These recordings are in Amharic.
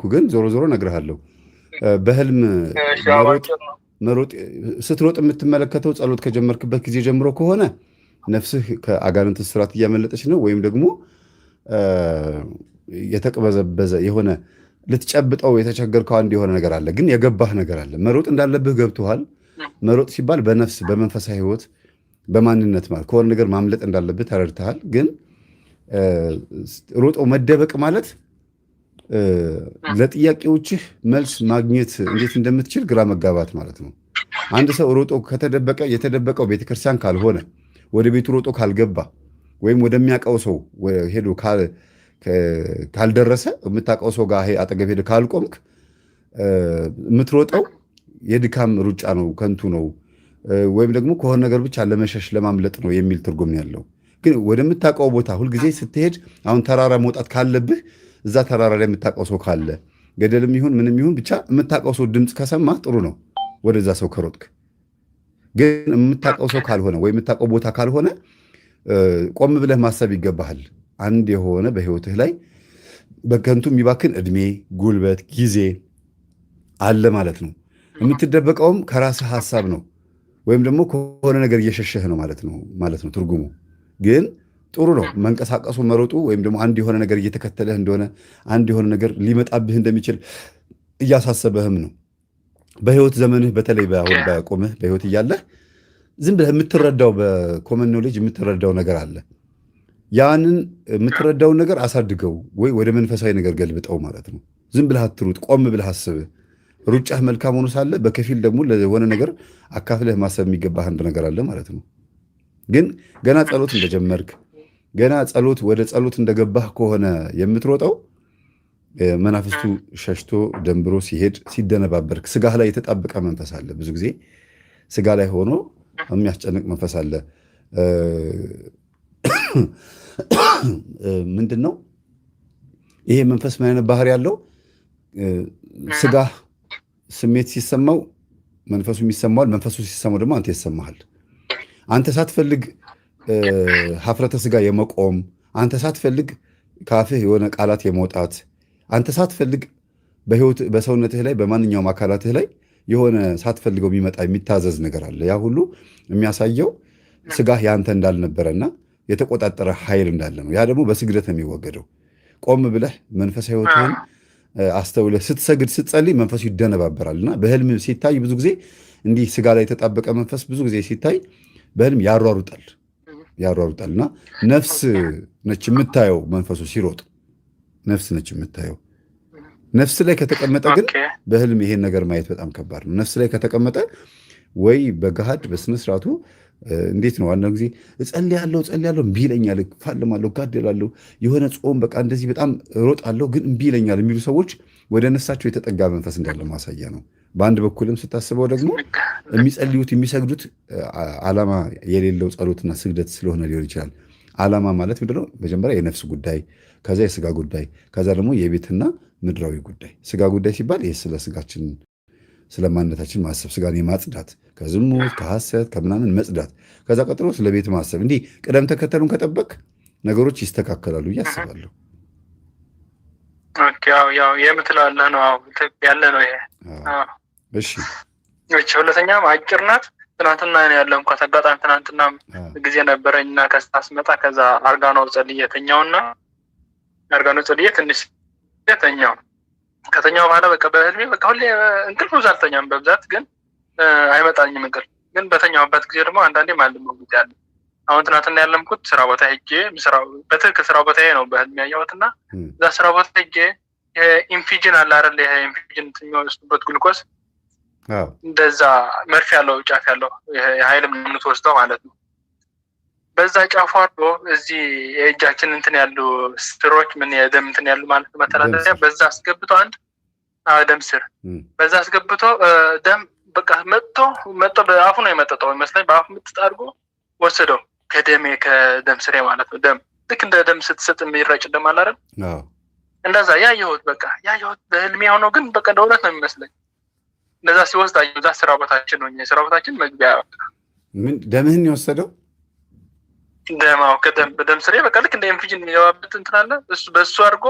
ካልኩ ግን ዞሮ ዞሮ ነግርሃለሁ። በህልም ስትሮጥ የምትመለከተው ጸሎት ከጀመርክበት ጊዜ ጀምሮ ከሆነ ነፍስህ ከአጋንንት ስራት እያመለጠች ነው፣ ወይም ደግሞ የተቅበዘበዘ የሆነ ልትጨብጠው የተቸገርከው አንድ የሆነ ነገር አለ፣ ግን የገባህ ነገር አለ። መሮጥ እንዳለብህ ገብቶሃል። መሮጥ ሲባል በነፍስ በመንፈሳዊ ህይወት በማንነት ማለት ከሆነ ነገር ማምለጥ እንዳለብህ ተረድተሃል። ግን ሮጦ መደበቅ ማለት ለጥያቄዎችህ መልስ ማግኘት እንዴት እንደምትችል ግራ መጋባት ማለት ነው። አንድ ሰው ሮጦ ከተደበቀ የተደበቀው ቤተክርስቲያን ካልሆነ ወደ ቤቱ ሮጦ ካልገባ ወይም ወደሚያውቀው ሰው ሄዶ ካልደረሰ የምታውቀው ሰው ጋር አጠገብ ሄደ ካልቆምክ የምትሮጠው የድካም ሩጫ ነው፣ ከንቱ ነው፣ ወይም ደግሞ ከሆነ ነገር ብቻ ለመሸሽ ለማምለጥ ነው የሚል ትርጉም ያለው ግን ወደምታውቀው ቦታ ሁልጊዜ ስትሄድ አሁን ተራራ መውጣት ካለብህ እዛ ተራራ ላይ የምታውቀው ሰው ካለ ገደልም ይሁን ምንም ይሁን ብቻ የምታውቀው ሰው ድምፅ ከሰማ ጥሩ ነው፣ ወደዛ ሰው ከሮጥክ። ግን የምታውቀው ሰው ካልሆነ ወይ የምታውቀው ቦታ ካልሆነ ቆም ብለህ ማሰብ ይገባሃል። አንድ የሆነ በህይወትህ ላይ በከንቱ የሚባክን እድሜ፣ ጉልበት፣ ጊዜ አለ ማለት ነው። የምትደበቀውም ከራስህ ሀሳብ ነው፣ ወይም ደግሞ ከሆነ ነገር እየሸሸህ ነው ማለት ነው ማለት ነው ትርጉሙ ግን ጥሩ ነው መንቀሳቀሱ፣ መሮጡ ወይም ደግሞ አንድ የሆነ ነገር እየተከተለህ እንደሆነ አንድ የሆነ ነገር ሊመጣብህ እንደሚችል እያሳሰበህም ነው። በህይወት ዘመንህ በተለይ በአሁን ባያቆምህ በህይወት እያለህ ዝም ብለህ የምትረዳው በኮመን ኖሌጅ የምትረዳው ነገር አለ። ያንን የምትረዳውን ነገር አሳድገው ወይ ወደ መንፈሳዊ ነገር ገልብጠው ማለት ነው። ዝም ብለህ አትሩጥ፣ ቆም ብለህ አስብህ። ሩጫህ መልካም ሆኖ ሳለ በከፊል ደግሞ ለሆነ ነገር አካፍለህ ማሰብ የሚገባህ አንድ ነገር አለ ማለት ነው። ግን ገና ጸሎት እንደጀመርክ ገና ጸሎት ወደ ጸሎት እንደገባህ ከሆነ የምትሮጠው መናፍስቱ ሸሽቶ ደንብሮ ሲሄድ ሲደነባበርክ፣ ስጋህ ላይ የተጣበቀ መንፈስ አለ። ብዙ ጊዜ ስጋ ላይ ሆኖ የሚያስጨንቅ መንፈስ አለ። ምንድን ነው ይሄ መንፈስ? ምን አይነት ባህሪ ያለው? ስጋህ ስሜት ሲሰማው መንፈሱ የሚሰማዋል። መንፈሱ ሲሰማው ደግሞ አንተ ይሰማሃል። አንተ ሳትፈልግ ሀፍረተ ስጋ የመቆም አንተ ሳትፈልግ ካፍህ የሆነ ቃላት የመውጣት አንተ ሳትፈልግ በሰውነትህ ላይ በማንኛውም አካላትህ ላይ የሆነ ሳትፈልገው የሚመጣ የሚታዘዝ ነገር አለ። ያ ሁሉ የሚያሳየው ስጋህ የአንተ እንዳልነበረና የተቆጣጠረ ኃይል እንዳለ ነው። ያ ደግሞ በስግደት ነው የሚወገደው። ቆም ብለህ መንፈሳዊ ህይወትን አስተውለህ ስትሰግድ ስትጸልይ መንፈሱ ይደነባበራል እና በህልም ሲታይ ብዙ ጊዜ እንዲህ ስጋ ላይ የተጣበቀ መንፈስ ብዙ ጊዜ ሲታይ በህልም ያሯሩጣል። ያሯሩጣል እና ነፍስ ነች የምታየው መንፈሱ ሲሮጥ ነፍስ ነች የምታየው። ነፍስ ላይ ከተቀመጠ ግን በህልም ይሄን ነገር ማየት በጣም ከባድ ነው። ነፍስ ላይ ከተቀመጠ ወይ በገሃድ በስነስርዓቱ እንዴት ነው? ዋናው ጊዜ እጸልያለሁ እጸልያለሁ እምቢ ይለኛል፣ ፋልማለሁ ጋደላለሁ የሆነ ጾም በቃ እንደዚህ በጣም እሮጣለሁ ግን እምቢ ይለኛል የሚሉ ሰዎች ወደ ነፍሳቸው የተጠጋ መንፈስ እንዳለ ማሳያ ነው። በአንድ በኩልም ስታስበው ደግሞ የሚጸልዩት የሚሰግዱት ዓላማ የሌለው ጸሎትና ስግደት ስለሆነ ሊሆን ይችላል። ዓላማ ማለት ምንድነው? መጀመሪያ የነፍስ ጉዳይ፣ ከዛ የስጋ ጉዳይ፣ ከዛ ደግሞ የቤትና ምድራዊ ጉዳይ። ስጋ ጉዳይ ሲባል ይህ ስለ ስጋችን ስለ ማንነታችን ማሰብ፣ ስጋን የማጽዳት ከዝሙት ከሐሰት ከምናምን መጽዳት፣ ከዛ ቀጥሎ ስለ ቤት ማሰብ። እንዲህ ቅደም ተከተሉን ከጠበቅ ነገሮች ይስተካከላሉ ብዬ አስባለሁ። ያው ያው የምትለዋለህ ነው ያለ ነው ይሄ። እሺ እቺ ሁለተኛም አጭር ናት። ትናንትና ያለ እንኳን አጋጣሚ ትናንትና ጊዜ ነበረኝ እና ከስታ ስመጣ ከዛ አርጋኖ ጸልዬ ተኛውና አርጋኖ ጸልዬ ትንሽ የተኛው ከተኛው በኋላ በቃ በህልሜ በቃ ሁሌ እንቅልፍ ብዙ አልተኛም በብዛት ግን አይመጣኝም እንቅልፍ። ግን በተኛውበት ጊዜ ደግሞ አንዳንዴ ማልመው ጊዜ አለ። አሁን ትናንትና ያለምኩት ስራ ቦታ ሄጄ በትክክል ስራ ቦታ ነው በህልሜ ያየሁት እና እዛ ስራ ቦታ ሄጄ ኢንፊጅን አለ አይደል? ይሄ ኢንፊጅን የሚወስዱበት ግሉኮስ እንደዛ መርፌ ያለው ጫፍ ያለው የሀይል ወስደው ማለት ነው። በዛ ጫፉ አድርጎ እዚህ የእጃችን እንትን ያሉ ስሮች ምን የደም እንትን ያሉ ማለት መተላለፊያ በዛ አስገብቶ አንድ ደም ስር በዛ አስገብቶ ደም በቃ መጥቶ መጥቶ በአፉ ነው የመጠጠው ይመስለኝ። በአፉ ምጥጥ አድርጎ ወሰደው ከደሜ ከደም ስሬ ማለት ነው። ደም ልክ እንደ ደም ስትሰጥ የሚረጭ ደም አላረም እንደዛ ያየሁት በቃ ያየሁት በህልሜ የሆነው ግን በቃ ለእውነት ነው የሚመስለኝ። እንደዛ ሲወስድ አየሁ። እዛ ስራ ቦታችን ነው ስራ ቦታችን መግቢያ ምን ደምህን የወሰደው ደማው ከደም በደም ስሬ በቃ ልክ እንደ ኢንፊጅን የሚገባበት እንትናለ እሱ በእሱ አድርጎ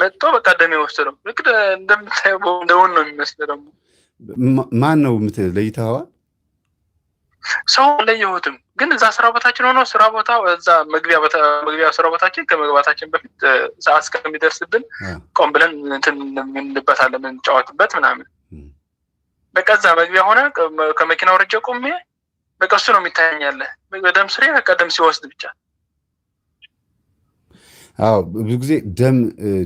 መጥቶ በቃ ደም የወሰደው ልክ እንደምታየው እንደውን ነው የሚመስል ደግሞ ማን ነው የምትለይተዋ ሰው አልለየሁትም። ግን እዛ ስራ ቦታችን ሆኖ ስራ ቦታ እዛ መግቢያ ስራ ቦታችን ከመግባታችን በፊት ሰዓት እስከሚደርስብን ቆም ብለን እንትን እንበታለን የምንጫወትበት ምናምን። በቃ እዛ መግቢያ ሆነ ከመኪናው ረጀ ቆሜ በቃ እሱ ነው የሚታያኛለ በደም ስሬ በቃ ደም ሲወስድ ብቻ። አዎ ብዙ ጊዜ ደም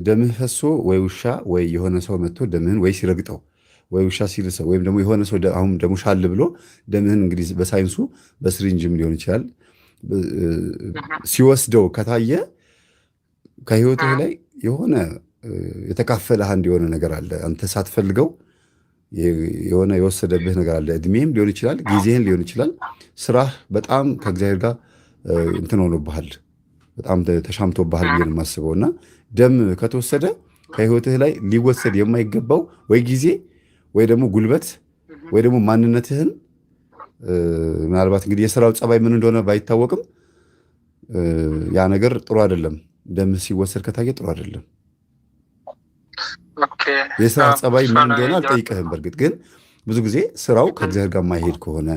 ደምህ ፈሶ ወይ ውሻ ወይ የሆነ ሰው መጥቶ ደምህን ወይ ሲረግጠው ወይ ውሻ ሰው ወይም ደግሞ የሆነ ሰው አሁን ደግሞ ሻል ብሎ ደምህን እንግዲህ በሳይንሱ በስሪንጅም ሊሆን ይችላል ሲወስደው ከታየ ከህይወትህ ላይ የሆነ የተካፈለ አንድ የሆነ ነገር አለ። አንተ ሳትፈልገው የሆነ የወሰደብህ ነገር አለ። እድሜህም ሊሆን ይችላል፣ ጊዜህን ሊሆን ይችላል። ስራህ በጣም ከእግዚአብሔር ጋር እንትን ሆኖብሃል፣ በጣም ተሻምቶብሃል ብዬ ነው የማስበው እና ደም ከተወሰደ ከህይወትህ ላይ ሊወሰድ የማይገባው ወይ ጊዜ ወይ ደግሞ ጉልበት ወይ ደግሞ ማንነትህን ምናልባት እንግዲህ የስራው ጸባይ ምን እንደሆነ ባይታወቅም ያ ነገር ጥሩ አይደለም። ደም ሲወሰድ ከታየ ጥሩ አይደለም። የስራ ጸባይ ምን እንደሆነ አልጠይቅህም። በእርግጥ ግን ብዙ ጊዜ ስራው ከእግዚአብሔር ጋር የማይሄድ ከሆነ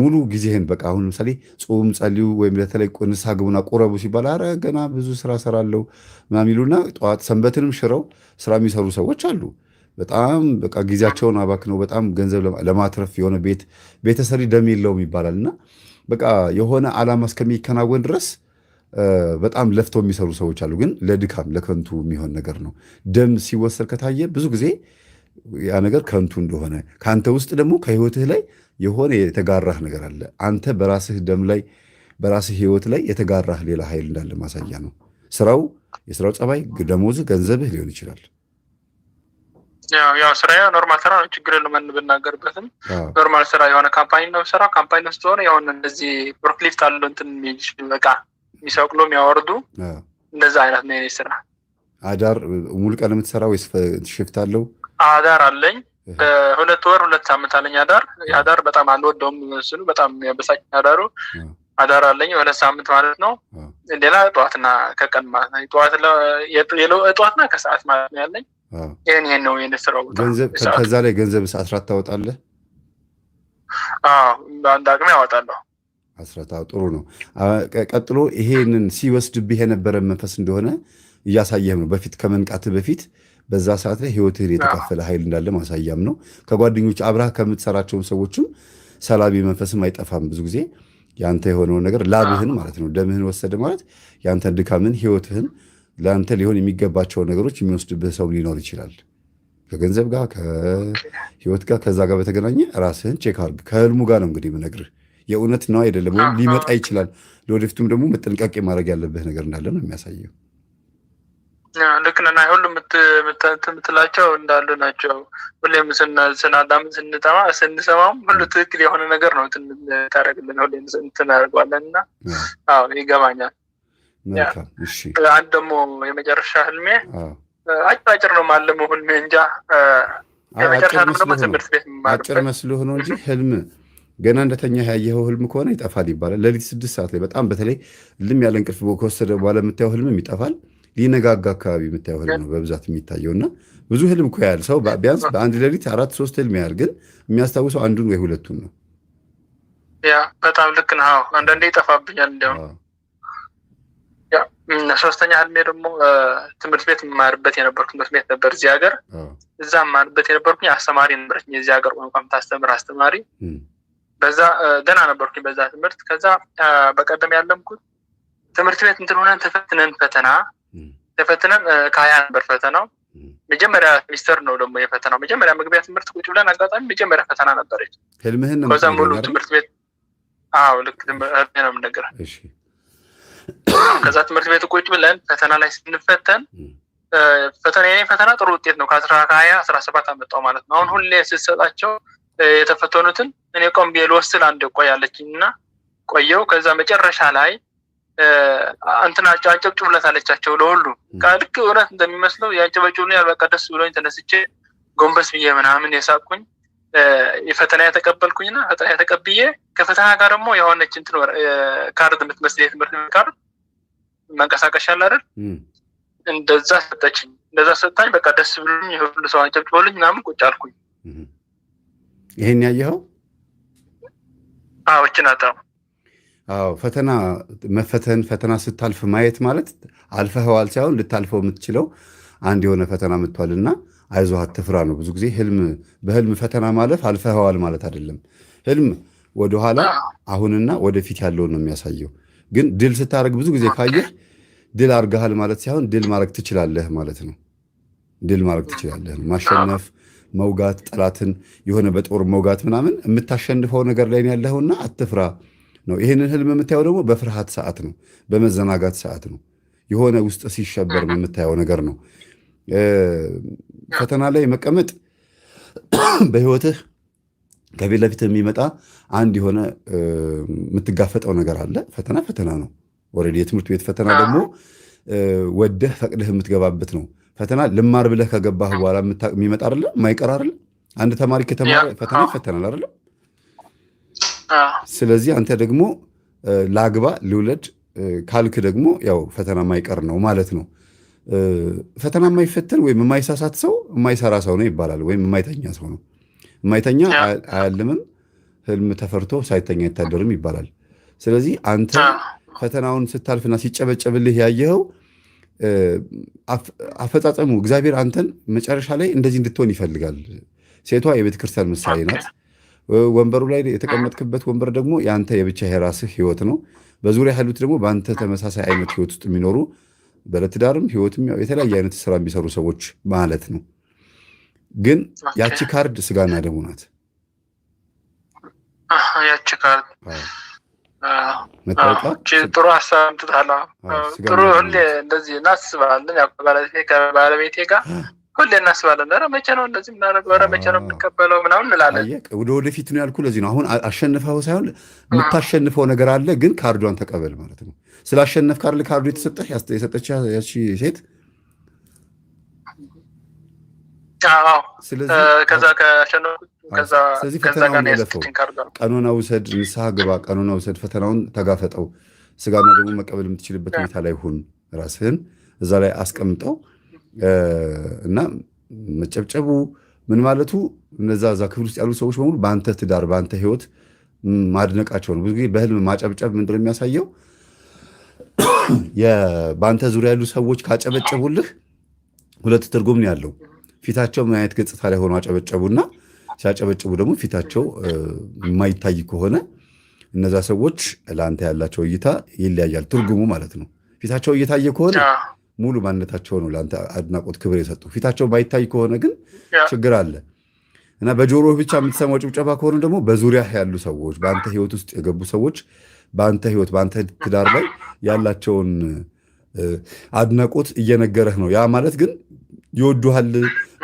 ሙሉ ጊዜህን በቃ አሁን ለምሳሌ ጾም ጸልዩ፣ ወይም በተለይ ንስሐ ግቡና ቁረቡ ሲባል አረ ገና ብዙ ስራ ሰራለው ምናምን ይሉና ጠዋት ሰንበትንም ሽረው ስራ የሚሰሩ ሰዎች አሉ። በጣም በቃ ጊዜያቸውን አባክነው በጣም ገንዘብ ለማትረፍ የሆነ ቤት ቤተሰሪ ደም የለውም ይባላል እና በቃ የሆነ ዓላማ እስከሚከናወን ድረስ በጣም ለፍተው የሚሰሩ ሰዎች አሉ። ግን ለድካም ለከንቱ የሚሆን ነገር ነው። ደም ሲወሰድ ከታየ ብዙ ጊዜ ያ ነገር ከንቱ እንደሆነ ከአንተ ውስጥ ደግሞ ከህይወትህ ላይ የሆነ የተጋራህ ነገር አለ። አንተ በራስህ ደም ላይ በራስህ ህይወት ላይ የተጋራህ ሌላ ኃይል እንዳለ ማሳያ ነው። ስራው የስራው ጸባይ፣ ደሞዝህ፣ ገንዘብህ ሊሆን ይችላል። ያው ስራ ኖርማል ስራ ነው። ችግር ለምን ብናገርበትም ኖርማል ስራ የሆነ ካምፓኒ ነው ስራ ካምፓኒ ነው ስለሆነ የሆነ እንደዚህ ፎርክሊፍት አሉ እንትን በቃ የሚሰቅሉ የሚያወርዱ እንደዛ አይነት ነው የኔ ስራ። አዳር ሙሉ ቀን የምትሰራ ወይስ ሽፍት አለው? አዳር አለኝ ሁለት ወር ሁለት ሳምንት አለኝ አዳር። አዳር በጣም አልወደውም ስሉ በጣም ያበሳጭ አዳሩ አዳር አለኝ የሁለት ሳምንት ማለት ነው። ሌላ ጠዋትና ከቀን ማለት ነው ጠዋትና ከሰዓት ማለት ነው ያለኝ ይህን ይህን ነው የስራው ቦታ። ከዛ ላይ ገንዘብ አስራት ታወጣለህ? በአንድ አቅሜ ያወጣለሁ። አስራታው ጥሩ ነው። ቀጥሎ ይሄንን ሲወስድብህ የነበረ መንፈስ እንደሆነ እያሳየህም ነው። በፊት ከመንቃት በፊት በዛ ሰዓት ላይ ህይወትህን የተካፈለ ኃይል እንዳለ ማሳያም ነው። ከጓደኞች አብረህ ከምትሰራቸውም ሰዎችም ሰላቢ መንፈስም አይጠፋም። ብዙ ጊዜ ያንተ የሆነውን ነገር ላብህን ማለት ነው፣ ደምህን ወሰደ ማለት ያንተን ድካምን ህይወትህን ለአንተ ሊሆን የሚገባቸውን ነገሮች የሚወስድብህ ሰው ሊኖር ይችላል። ከገንዘብ ጋር፣ ከህይወት ጋር፣ ከዛ ጋር በተገናኘ ራስህን ቼክ አድርግ። ከህልሙ ጋር ነው እንግዲህ የምነግርህ የእውነት ነው አይደለም፣ ወይም ሊመጣ ይችላል። ለወደፊቱም ደግሞ መጠንቃቄ ማድረግ ያለብህ ነገር እንዳለ ነው የሚያሳየው። ልክ ሁሉ የምትላቸው እንዳሉ ናቸው። ሁሌም ስናዳምን ስንጠማ ስንሰማም ሁሉ ትክክል የሆነ ነገር ነው ታደረግልን ሁሌም እናደርገዋለን እና ይገባኛል። አንድ ደግሞ የመጨረሻ ህልሜ አጭር ነው ማለመው ህልሜ እንጃ አጭር መስሎ ሆኖ እንጂ ህልም ገና እንደተኛ ያየኸው ህልም ከሆነ ይጠፋል ይባላል። ለሊት ስድስት ሰዓት ላይ በጣም በተለይ ልም ያለ እንቅልፍ ከወሰደ በኋላ የምታየው ህልምም ይጠፋል። ሊነጋጋ አካባቢ የምታየው ህልም ነው በብዛት የሚታየው እና ብዙ ህልም እኮ ያህል ሰው ቢያንስ በአንድ ሌሊት አራት ሶስት ህልም ያህል ግን የሚያስታውሰው አንዱን ወይ ሁለቱን ነው። ያ በጣም ልክ ነው። አንዳንዴ ይጠፋብኛል እንዲያውም ሶስተኛ ህልሜ ደግሞ ትምህርት ቤት የምማርበት የነበርኩ ትምህርት ቤት ነበር እዚህ ሀገር። እዛ ማርበት የነበርኩኝ አስተማሪ ነበረች የዚህ ሀገር ቋንቋ የምታስተምር አስተማሪ። በዛ ደና ነበርኩኝ በዛ ትምህርት። ከዛ በቀደም ያለምኩት ትምህርት ቤት እንትንሆነን ሆነን ተፈትነን ፈተና ተፈትነን ከሀያ ነበር ፈተናው። መጀመሪያ ሚስተር ነው ደግሞ የፈተናው መጀመሪያ መግቢያ ትምህርት ቁጭ ብለን አጋጣሚ መጀመሪያ ፈተና ነበረች። ህልምህን ከዛ ሙሉ ትምህርት ቤት አዎ ልክ ነው የምነግርህ ከዛ ትምህርት ቤት ቁጭ ብለን ፈተና ላይ ስንፈተን ፈተና የኔ ፈተና ጥሩ ውጤት ነው ከአስራ ከሀያ አስራ ሰባት አመጣው ማለት ነው። አሁን ሁሌ ስትሰጣቸው የተፈተኑትን እኔ ቆም ብዬ አንድ ቆያለችኝ እና ቆየው። ከዛ መጨረሻ ላይ እንትናቸው ጭብለት አለቻቸው ለሁሉ ከልክ እውነት እንደሚመስለው የአንጨበጭቡ ያልበቃ ደስ ብሎኝ ተነስቼ ጎንበስ ብዬ ምናምን የሳቅኩኝ የፈተና የተቀበልኩኝና ፈተና የተቀብዬ ከፈተና ጋር ደግሞ የሆነች እንትን ካርድ የምትመስል የትምህርት ቤት ካርድ መንቀሳቀሻ አላደል እንደዛ ሰጠችኝ። እንደዛ ሰጣኝ። በቃ ደስ ብሎኝ የሁሉ ሰው አጨብጭቦልኝ ምናምን ቁጭ አልኩኝ። ይሄን ያየኸው? አዎችን አጣው። አዎ፣ ፈተና መፈተን ፈተና ስታልፍ ማየት ማለት አልፈኸዋል ሳይሆን ልታልፈው የምትችለው አንድ የሆነ ፈተና ምቷል መጥቷልና አይዞህ አትፍራ ነው። ብዙ ጊዜ ህልም በህልም ፈተና ማለፍ አልፈኸዋል ማለት አይደለም ህልም ወደኋላ አሁንና ወደፊት ያለውን ነው የሚያሳየው። ግን ድል ስታደርግ ብዙ ጊዜ ካየህ ድል አድርገሃል ማለት ሳይሆን ድል ማድረግ ትችላለህ ማለት ነው። ድል ማድረግ ትችላለህ፣ ማሸነፍ፣ መውጋት፣ ጠላትን የሆነ በጦር መውጋት ምናምን የምታሸንፈው ነገር ላይ ያለውና አትፍራ ነው። ይህንን ህልም የምታየው ደግሞ በፍርሃት ሰዓት ነው፣ በመዘናጋት ሰዓት ነው። የሆነ ውስጥ ሲሸበር የምታየው ነገር ነው። ፈተና ላይ መቀመጥ በህይወትህ ከፊት ለፊት የሚመጣ አንድ የሆነ የምትጋፈጠው ነገር አለ። ፈተና ፈተና ነው። ኦልሬዲ የትምህርት ቤት ፈተና ደግሞ ወደህ ፈቅደህ የምትገባበት ነው። ፈተና ልማር ብለህ ከገባህ በኋላ የሚመጣ አለ፣ ማይቀር አለ። አንድ ተማሪ ከተማረ ፈተና ይፈተናል አለ። ስለዚህ አንተ ደግሞ ላግባ ልውለድ ካልክ ደግሞ ያው ፈተና ማይቀር ነው ማለት ነው። ፈተና የማይፈተን ወይም የማይሳሳት ሰው የማይሰራ ሰው ነው ይባላል፣ ወይም የማይተኛ ሰው ነው። ማይተኛ አያልምም፣ ህልም ተፈርቶ ሳይተኛ አይታደርም ይባላል። ስለዚህ አንተ ፈተናውን ስታልፍና ሲጨበጨብልህ ያየኸው አፈጻጸሙ እግዚአብሔር አንተን መጨረሻ ላይ እንደዚህ እንድትሆን ይፈልጋል። ሴቷ የቤተክርስቲያን ምሳሌ ናት። ወንበሩ ላይ የተቀመጥክበት ወንበር ደግሞ የአንተ የብቻ የራስህ ህይወት ነው። በዙሪያ ያሉት ደግሞ በአንተ ተመሳሳይ አይነት ህይወት ውስጥ የሚኖሩ በለትዳርም ህይወትም የተለያየ አይነት ስራ የሚሰሩ ሰዎች ማለት ነው። ግን ያቺ ካርድ ስጋና ደሙ ናት። ያቺ ካርድ ጥሩ ሀሳብ ጥሩ። ሁሌ እንደዚህ እናስባለን። ባለቤቴ ጋር ሁሌ እናስባለን። ኧረ መቼ ነው እንደዚህ የምናደርገው? ኧረ መቼ ነው የምንቀበለው? ምናምን እንላለን። ወደ ወደፊት ነው ያልኩ። ለዚህ ነው። አሁን አሸንፈው ሳይሆን የምታሸንፈው ነገር አለ፣ ግን ካርዷን ተቀበል ማለት ነው። ስላሸነፍክ አይደል ካርዱ የተሰጠህ ያቺ ሴት ስለዚህ ፈተናውን ያለፈው ቀኖና ውሰድ፣ ንስሐ ግባ፣ ቀኖና ውሰድ፣ ፈተናውን ተጋፈጠው። ስጋና ደግሞ መቀበል የምትችልበት ሁኔታ ላይ ሁን። ራስህን እዛ ላይ አስቀምጠው እና መጨብጨቡ ምን ማለቱ እነዛ እዛ ክፍል ውስጥ ያሉ ሰዎች በሙሉ በአንተ ትዳር በአንተ ህይወት ማድነቃቸው ነው። ብዙ ጊዜ በህልም ማጨብጨብ ምንድ ነው የሚያሳየው? በአንተ ዙሪያ ያሉ ሰዎች ካጨበጨቡልህ ሁለት ትርጉም ነው ያለው። ፊታቸው ምን አይነት ገጽታ ላይ ሆኖ አጨበጨቡና ሲያጨበጭቡ ደግሞ ፊታቸው የማይታይ ከሆነ እነዛ ሰዎች ለአንተ ያላቸው እይታ ይለያያል፣ ትርጉሙ ማለት ነው። ፊታቸው እየታየ ከሆነ ሙሉ ማንነታቸው ነው ለአንተ አድናቆት፣ ክብር የሰጡ። ፊታቸው ባይታይ ከሆነ ግን ችግር አለ እና በጆሮ ብቻ የምትሰማው ጭብጨባ ከሆነ ደግሞ በዙሪያ ያሉ ሰዎች፣ በአንተ ህይወት ውስጥ የገቡ ሰዎች በአንተ ህይወት በአንተ ትዳር ላይ ያላቸውን አድናቆት እየነገረህ ነው። ያ ማለት ግን ይወዱሃል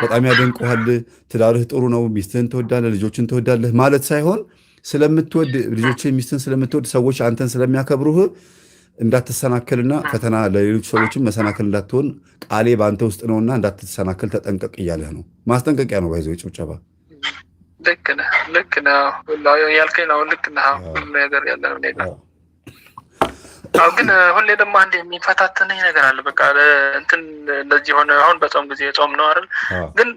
በጣም ያደንቀዋል ትዳርህ ጥሩ ነው፣ ሚስትህን ትወዳለህ፣ ልጆችን ትወዳለህ ማለት ሳይሆን ስለምትወድ ልጆችን፣ ሚስትን ስለምትወድ ሰዎች አንተን ስለሚያከብሩህ እንዳትሰናከልና ፈተና ለሌሎች ሰዎችም መሰናከል እንዳትሆን ቃሌ በአንተ ውስጥ ነውና እንዳትሰናከል ተጠንቀቅ እያለህ ነው። ማስጠንቀቂያ ነው። ባይዘው ጭብጨባ ልክ ነህ፣ ልክ ነህ ያልከኝ ነው። ልክ ነህ። ሁሉ ነገር ያለ ነው። አሁ ግን ሁሌ ደግሞ አንድ የሚፈታተነኝ ነገር አለ። በቃ እንትን እንደዚህ የሆነ አሁን በጾም ጊዜ ጾም ነው አይደል? ግን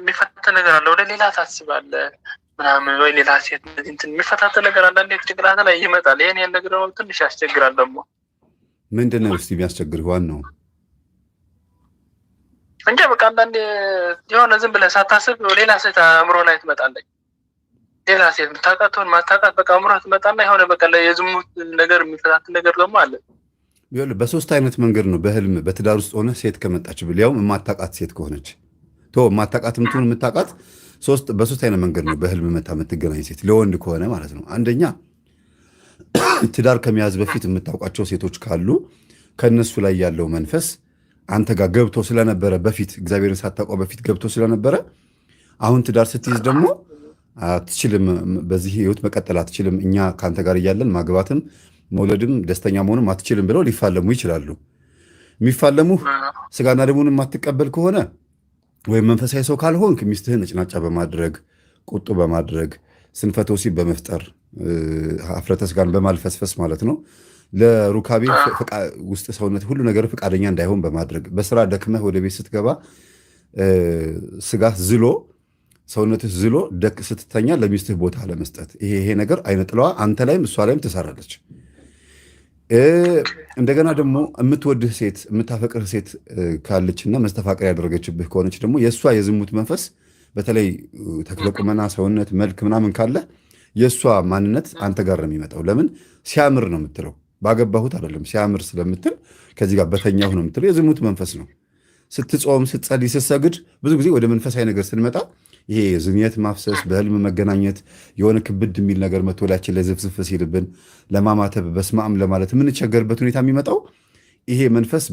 የሚፈታተን ነገር አለ። ወደ ሌላ ታስባለህ ምናምን ወይ ሌላ ሴት እንትን የሚፈታተን ነገር አንዳንዴ ጭንቅላት ላይ ይመጣል። ይህን ይህን ነገር ደግሞ ትንሽ ያስቸግራል። ደግሞ ምንድን ነው እስኪ ዋን ነው እንጃ። በቃ አንዳንዴ የሆነ ዝም ብለህ ሳታስብ ሌላ ሴት አእምሮ ላይ ትመጣለች። ሌላ ሴት የምታውቃትሆን ማታውቃት በቃ አምሯት ትመጣና የሆነ በቃ የዝሙት ነገር የሚፈታትን ነገር ደግሞ አለ። ይኸውልህ በሶስት አይነት መንገድ ነው በህልም በትዳር ውስጥ ሆነ ሴት ከመጣች ሊያውም የማታቃት ሴት ከሆነች ቶ የማታውቃት ምትሆን የምታውቃት በሶስት አይነት መንገድ ነው በህልም መታ የምትገናኝ ሴት ለወንድ ከሆነ ማለት ነው። አንደኛ ትዳር ከመያዝ በፊት የምታውቃቸው ሴቶች ካሉ ከእነሱ ላይ ያለው መንፈስ አንተ ጋር ገብቶ ስለነበረ በፊት እግዚአብሔርን ሳታውቀው በፊት ገብቶ ስለነበረ አሁን ትዳር ስትይዝ ደግሞ አትችልም፣ በዚህ ህይወት መቀጠል አትችልም፣ እኛ ከአንተ ጋር እያለን ማግባትም መውለድም ደስተኛ መሆንም አትችልም ብለው ሊፋለሙ ይችላሉ። የሚፋለሙ ስጋና ደሙን የማትቀበል ከሆነ ወይም መንፈሳዊ ሰው ካልሆንክ ሚስትህን እጭናጫ በማድረግ ቁጡ በማድረግ ስንፈተ ወሲብ በመፍጠር አፍረተ ስጋን በማልፈስፈስ ማለት ነው። ለሩካቤ ውስጥ ሰውነት ሁሉ ነገር ፈቃደኛ እንዳይሆን በማድረግ በስራ ደክመህ ወደ ቤት ስትገባ ስጋህ ዝሎ ሰውነትህ ዝሎ ደክ ስትተኛ ለሚስትህ ቦታ ለመስጠት ይሄ ይሄ ነገር አይነ ጥለዋ አንተ ላይም እሷ ላይም ትሰራለች። እንደገና ደግሞ የምትወድህ ሴት የምታፈቅርህ ሴት ካለችና መስተፋቀር ያደረገችብህ ከሆነች ደግሞ የእሷ የዝሙት መንፈስ በተለይ ተክለቁመና፣ ሰውነት፣ መልክ ምናምን ካለ የእሷ ማንነት አንተ ጋር ነው የሚመጣው። ለምን ሲያምር ነው የምትለው፣ ባገባሁት አይደለም ሲያምር ስለምትል ከዚህ ጋር በተኛሁ ነው የምትለው። የዝሙት መንፈስ ነው። ስትጾም፣ ስትጸልይ፣ ስትሰግድ ብዙ ጊዜ ወደ መንፈሳዊ ነገር ስንመጣ ይሄ ዝምየት ማፍሰስ፣ በህልም መገናኘት፣ የሆነ ክብድ የሚል ነገር መቶላችን ላይ ዝፍዝፍ ሲልብን ለማማተብ በስማም ለማለት የምንቸገርበት ሁኔታ የሚመጣው ይሄ መንፈስ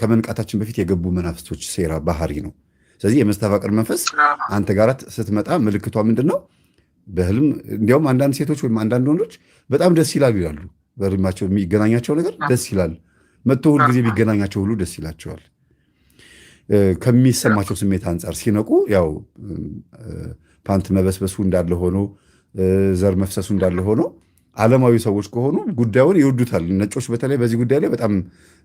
ከመንቃታችን በፊት የገቡ መናፍስቶች ሴራ ባህሪ ነው። ስለዚህ የመስተፋቅር መንፈስ አንተ ጋር ስትመጣ ምልክቷ ምንድን ነው? በህልም እንዲያውም አንዳንድ ሴቶች ወይም አንዳንድ ወንዶች በጣም ደስ ይላሉ ይላሉ። በህልማቸው የሚገናኛቸው ነገር ደስ ይላል። መጥቶ ሁልጊዜ ቢገናኛቸው ሁሉ ደስ ይላቸዋል። ከሚሰማቸው ስሜት አንጻር ሲነቁ ያው ፓንት መበስበሱ እንዳለ ሆኖ ዘር መፍሰሱ እንዳለ ሆኖ ዓለማዊ ሰዎች ከሆኑ ጉዳዩን ይወዱታል። ነጮች በተለይ በዚህ ጉዳይ ላይ በጣም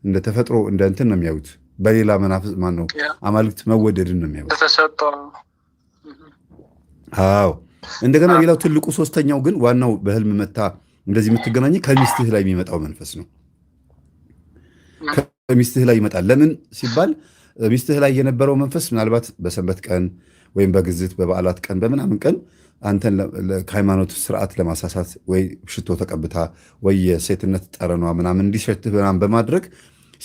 እንደ ተፈጥሮ እንደ እንትን ነው የሚያዩት። በሌላ መናፍስ ነው አማልክት መወደድን ነው የሚያዩት። አዎ እንደገና ሌላው ትልቁ ሶስተኛው ግን ዋናው በህልም መታ እንደዚህ የምትገናኝ ከሚስትህ ላይ የሚመጣው መንፈስ ነው። ከሚስትህ ላይ ይመጣል። ለምን ሲባል ሚስትህ ላይ የነበረው መንፈስ ምናልባት በሰንበት ቀን ወይም በግዝት በበዓላት ቀን በምናምን ቀን አንተን ከሃይማኖት ስርዓት ለማሳሳት ወይ ሽቶ ተቀብታ ወይ የሴትነት ጠረኗ ምናምን እንዲሸትህ ምናምን በማድረግ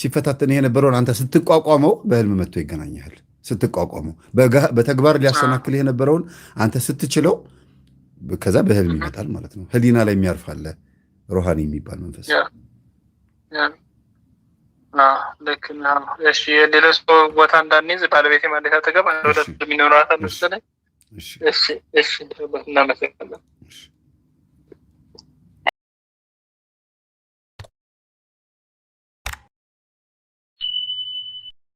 ሲፈታተን የነበረውን አንተ ስትቋቋመው በህልም መጥቶ ይገናኛል። ስትቋቋመው በተግባር ሊያሰናክል የነበረውን አንተ ስትችለው ከዛ በህልም ይመጣል ማለት ነው። ህሊና ላይ የሚያርፋለ ሮሃኒ የሚባል መንፈስ ልክ እሺ፣ የሌለ ሰው ቦታ እንዳንይዝ ባለቤቴ ማለት አጠገብ አንድ ወደ የሚኖራት መሰለኝ። እሺ፣ እሺ፣ እናመሰግናለን።